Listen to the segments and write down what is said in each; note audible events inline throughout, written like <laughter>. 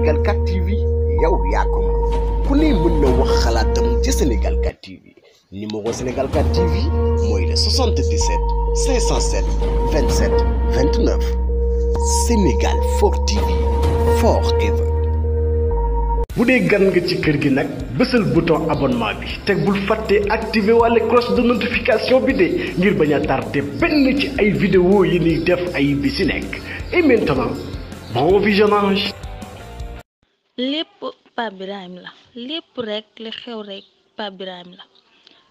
Sénégal 4 TV yow yaa ko ku ne mën na wax xalaatam ci Sénégal 4 TV numéro Sénégal 4 TV moy le 77 507 27 29 Sénégal 4 TV forever. Vous voulez gan nga ci kër gi le bouton abonnement et te bul fàtte la la cloche de notification bi ne ngir bañ tardé vidéo yi ni def ay et maintenant bon visionnage. lépp Pape Birahim la lépp rek li xew rek Pape Birahim la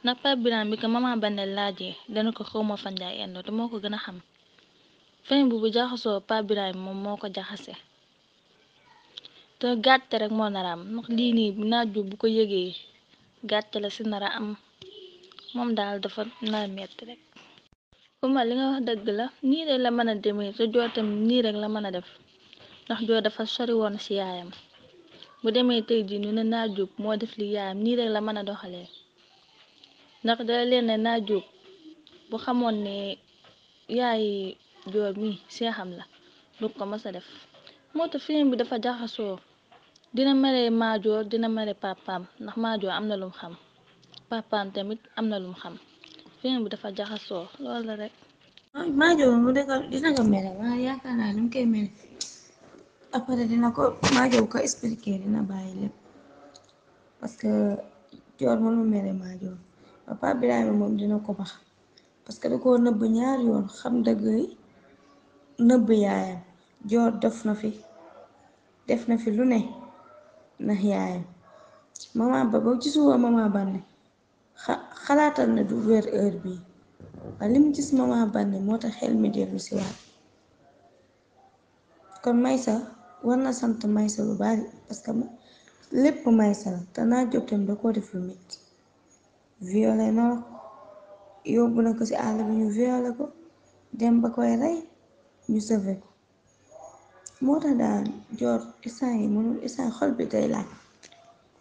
ndax Pape Birahim bi ko Mama Bandé laaje dana ko xawma fan njaay endo te moo ko gën a xam fen bu bu jaxasoo Pape Birahim moom moo ko jaxase te gàtte rek moo nara am ndax lii nii naaj bu ko yëgee gàtte la si nara am moom daal dafa nara metti rek uma li nga wax dëgg la nii rek la mën a demee te joo tam nii rek la mën a def ndax joo dafa sori woon si yaayam bu demee tey ji nu ne naajuub moo def li yaayam nii rek la mën a doxalee ndax dala leen ne naajuub bu xamoon ne yaayi joor mi seexam la du ko mas a def moo tax film bi dafa jaxasoo dina mere maajoor dina mere papaam ndax maajoor am na lum xam papaam tamit am na lum xam film bi dafa jaxasoo loolu la rek. après dina ko maajow ko expliquer dina bàyyi lépp parce que joor man mu mere maajow papa Birame moom dina ko bax parce que da ko nëbb ñaar yoon xam dëgg nëbb yaayam joor def na fi def na fi lu ne ndax yaayam maman ba ba gisu woo maman banne xalaatal na du weer heure bii waaye li mu gis maman banne moo tax xel mi dellu si waat kon may sa war na sant Maysa lu bari parce que lépp Maysa la te naa jóg da koo def lu métti violé na ko yóbbu na ko ci àll bi ñu violé ko dem ba koy rey ñu sauvé ko moo tax daal joor instant yi mënul instant xol bi day laaj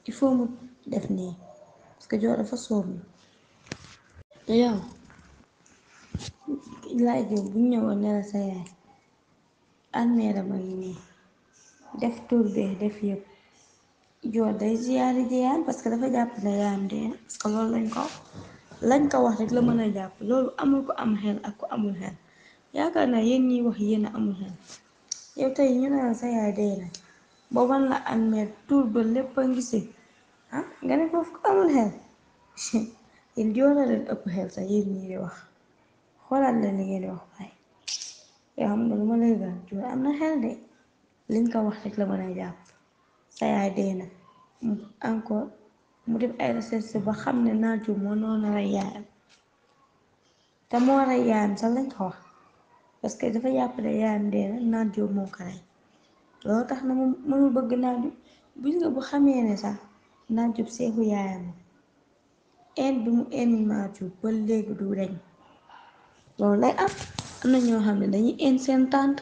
il faut mu def nii parce que joor dafa sóob na yow laaj yow bu ñëwoon ne sa yaay armée dama ngi nii def tur beeg def yëpp joor day ziyaari ji yaayam parce que dafa jàpp ne yaayam dee na parce loolu lañ ko lañ ko wax rek la mën a jàpp loolu amul ko am ak ku amul xel yaakaar naa yéen ñiy wax yéen a amul xel yow tey ñu ne la sa yaay ba wan la almeer tur ba lépp a ngi si ah, nga ne ko amul xel <laughs> yéen joor ëpp xel sax yéen ñi di wax xoolaat la li ngeen wax waaye yow xam nga lu ma lay am na xel de. liñ ko wax rek la mën a jàpp sa yaay dee na encore mu def ay recherche ba xam ne naaju moo noonu rey yaayam sax lañ ko wax que dafa jàpp ne yaayam dee na rey loolu tax na mu mënul bëgg naaju buñ nga bu xamee ne sax naaju seexu yaayam en bi mu en naaju ba léegi du reñ loolu lay am am na ñoo xam ne dañuy en seen tànt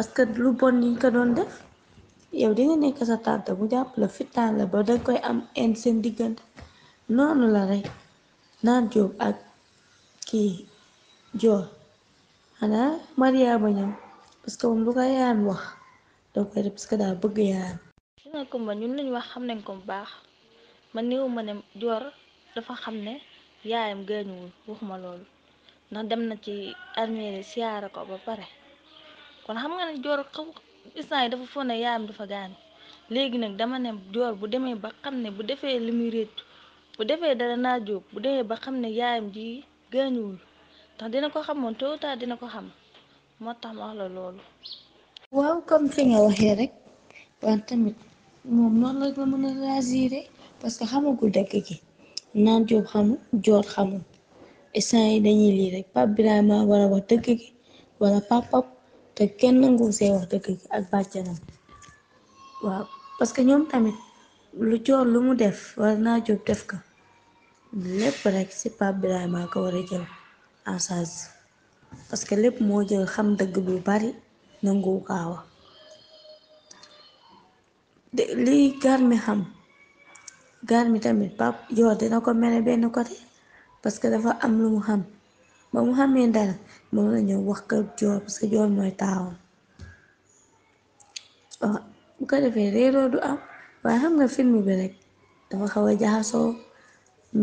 parce que lu bon liñ ko doon def yow di nekk sa tante bu jàpp la fitaan la ba danga koy am en seen diggante noonu la rek naan jóob ak kii joor xanaa Mariama ñam parce que moom lu ko yaan wax da koy def parce daa bëgg yaan si nga kumba ñun lañ wax xam nañ ko bu baax man néew ma ne joor dafa xam ne yaayam gaañuwul waxuma loolu ndax dem na ci armée siyaara ko ba pare kon xam nga ne joor xaw yi dafa foog ne yaayam dafa gaan léegi nag dama ne joor bu demee ba xam ne bu defee li muy réccu bu defee dara naa jóg bu demee ba xam ne yaayam ji gaañuwul ndax dina ko xamoon tôt ou dina ko xam moo tax ma wax loolu. waaw comme fi nga rek waaye tamit moom noonu la mën a réagir parce que xamagul dëkk gi naan jóob xamul joor xamul instant yi dañuy lii rek Pape Birahima war a wax dëkk gi wala papap te kenn nangu see wax dëgg ak bàjjanam waaw parce que ñoom tamit lu joor lu mu def war naa jóg def ka lépp rek si Pape Birahima ko war a jël en charge parce que lépp moo jël xam dëgg bu bari nanguwu kaa wax lii gar mi xam gar tamit Pape joor dina ko mere benn côté parce que dafa am lu mu xam. ba mu xamee dara moom la ñëw wax ko Joob parce que Joob mooy taawam bu ko defee réeroo du am waaye xam nga film bi rek dafa xaw a jaxasoo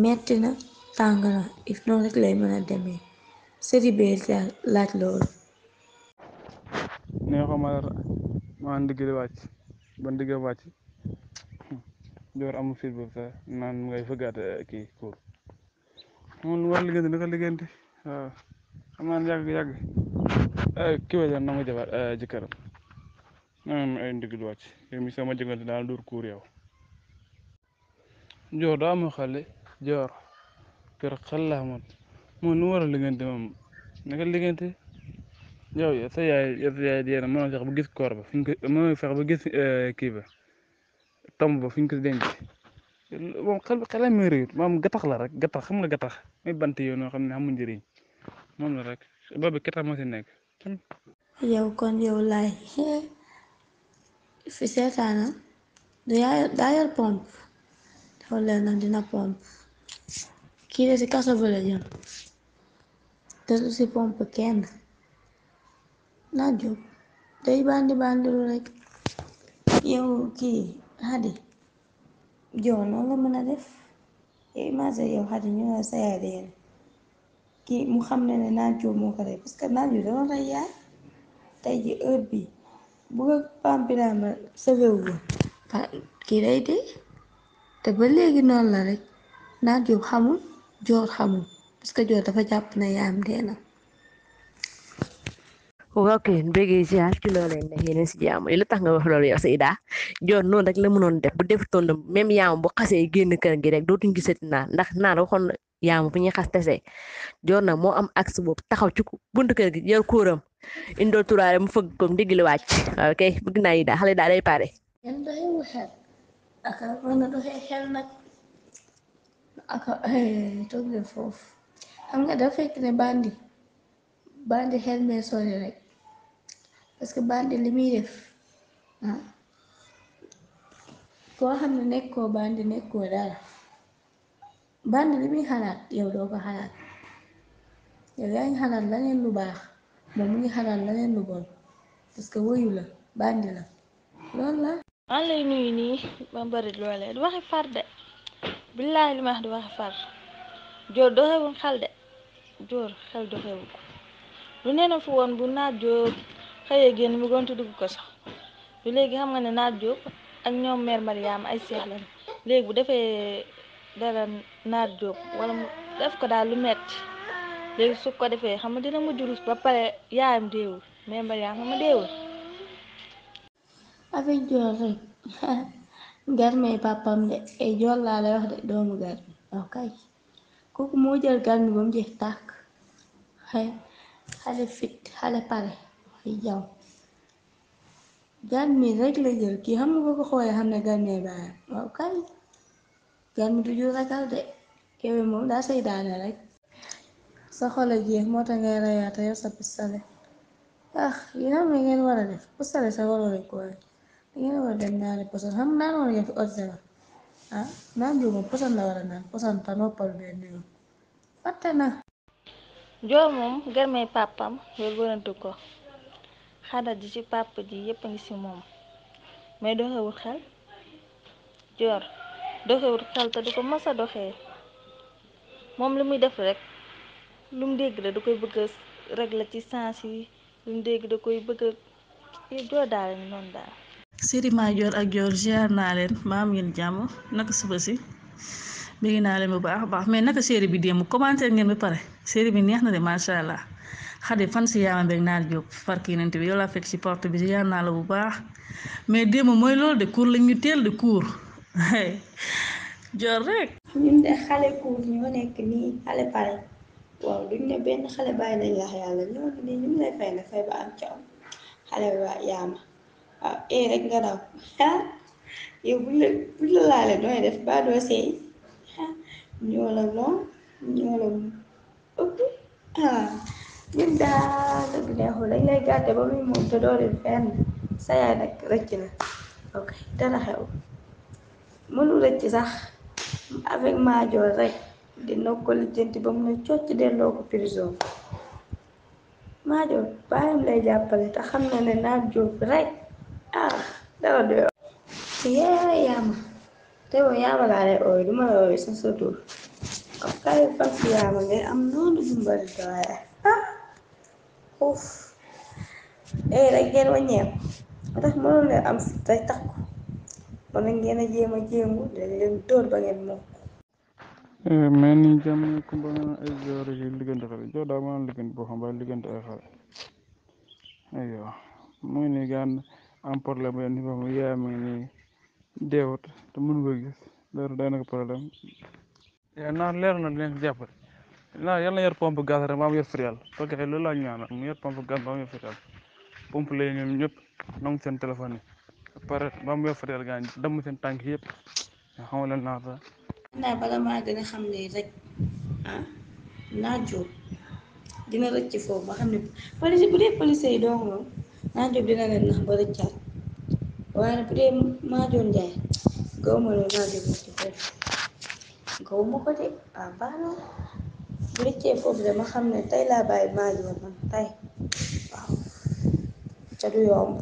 metti na tàng na if noonu lay mën a demee série bee laaj loolu neexu ma dara maa ndigg di wàcc ba ndigg wàcc joor amul fit boobu sax naan ngay fëggaat kii pour moom lu war liggéeyante naka liggéeyante aman yàgg yàgg kii wala na ma jabar jëkkëram maanaam ay ndiglu wàcc yow mi sama jëggante daal dóor kuur yow joor daa ma xale joor kër xal laa man moom nu war a liggante moom naka liggante yow sa yaay sa yaay dee na mënoo fex ba gis koor ba fi ñu ko mënoo fex ba gis kii ba tomb ba fi ñu ko denc moom xel xelam mi réer moom gattax la rek gattax xam nga gattax muy bant yow noo xam ne amul njëriñ moom la rek boobu keta moo si nekk. yow kon yow laay <laughs> fi seetaana du daa yor pompe dafa leen nag dina pompe kii si kaso ba la jëm te si pompe kenn na jóg day bandi bandilu rek yow kii xadi joo noonu la mën def yow imagine yow xadi ñu ne sa yaay kii mu xam ne ne naajoo moo ko rey parce que naajoo da doon rey yaay tey ji heure bi bu ko pam ah, kii day dee te ba léegi noon la rek naajoo xamul joor xamul parce que joor dafa jàpp na yaayam dee na. waaw kay mbéy ziar ci wax loolu yow Seyda joor noonu rek la mënoon def bu def toon même yaam bu xasee génn kër gi rek dootuñ gisati naan ndax naan waxoon yaa bu ñuy xas tese joor na moo am axe boobu taxaw ci buntu kër gi yor kuuram indoo mu fëgg kom ndigli wàcc ok bëgg naa yi xale daal pare. kenn doxewu xel aka mën a xel nag aka eh, toog leen foofu xam nga dafa fekk ne bandi bandi xel mee sori rek parce que bandi li ah, koo xam ne nekkoo bandi nekkoo dara. bandi li muy xalaat yow doo ko xalaat yow yaa ngi xalaat laneen lu baax moom mu ngi xalaat laneen lu bon parce que woyu la bandi la loolu la an lay nuyu nii ma bari loolee du waxi far de billaay li ma wax du waxi far jóor doxewul xel de jóor xel doxewu ko lu neena fi woon bu naat jóob xëyee génn mu gont dugg ko sax lu léegi xam nga ne naat jóob ak ñoom mère Mariama ay seex léegi bu defee dara naar jóg wala mu def ko daal lu metti léegi su ko defee xam nga dina mujj ba pare yaayam deewul mais Mariam xam nga deewul. avec joor rek garmi papam de ay joor laa lay wax de doomu garmi ok kooku moo jël garmi ba mu jël kii xam nga boo xam ne garmi baayam ok. gan du ragal de kewe mom daa sey daane rek sa xol je mo ta ngay raya ta yow sa pistale eh. ah yina me na ngeen war a def pistale sa eh. waroo rek ko rek ngeen war a dem ñaari posan xam naan war yef fi ordinaire ah naan mo posan la war naan posan ta noppal benn nah. yoon fàtte jo mom moom garmay papam yow gënantu ko xada ji ci papa ji yep a ngi si moom mais doo xewul xel jor doxewul xel tadi du ko mës mom doxee moom muy def rek lum ya mu dégg da koy bëgg rek la ci sens yi lum dégg da bëgg a do daal non daal. Siri Madior ak Jor ziar na len maa am ngeen jamm naka suba mi ngi na len bu baax baax mais naka série bi dem commenter ngeen bi pare série bi neex na de macha allah xade fan ci yaama beeg naar jop fark yenent bi yow la fek ci porte bi na la bu baax mais dem moy lol de cour lañu tel de cour jor rek. ñun de xale kuur ñoo nekk nii xale pare waaw duñ ne benn xale bàyyi nañ la yàlla ñoo ne ñu lay fay na fay ba am ca yaama waaw ee eh, rek nga daw ah <laughs> yow la laale nooy def ba doo ñoo la long ñoo la ëpp ah, ñun daal dëgg dañ lay gàtte ba muy moom te doo leen fenn sa yaay nag na ok dara xew. mënu rëcc sax avec Madior rek dina ko lijjanti ba mu ne cocc delloo ko prison Madior baayam lay jàppale te xam na ne Naar Jóob rek ah dara doy ci yeere te yow yaama lay ooy duma la ooy sa sa tur kay fas yaama ngay am noonu dimbali doole ah uff eh rek ngeen waññeeku tax mënoon leen am si tey kono ngena jeema jeengu len toon bangen makko eyi min jamni ko mbamen e jooreji liggande kala jooɗama liggande boo mbawi liggande e Ayo, eyo mini gan an probléme en fofmo yiyamini dewot to mun ko gis lewru danaka probléme Ya, na na len jappade na yalna yer pompe gaz rek mamo yer frial parce que loolu laa ñaana mu yer pompe gaz mamo yer frial pompe lay ñoom ñëpp nangu seen téléphone pare ba mu weefateel gaañ damm seen tànk yëpp xamal leen naa naa bala maa gën a xam ne rek ah naajo dina rëcc foofu ba xam ne police bu dee police yi dong moom naajo dina leen nax ba rëccaat waaye bu dee maajo njaay gaw ma bi ci foofu gaw ma ko de ah baax bu rëccee foofu dama xam ne tey laa bàyyi maajo man ca du yomb.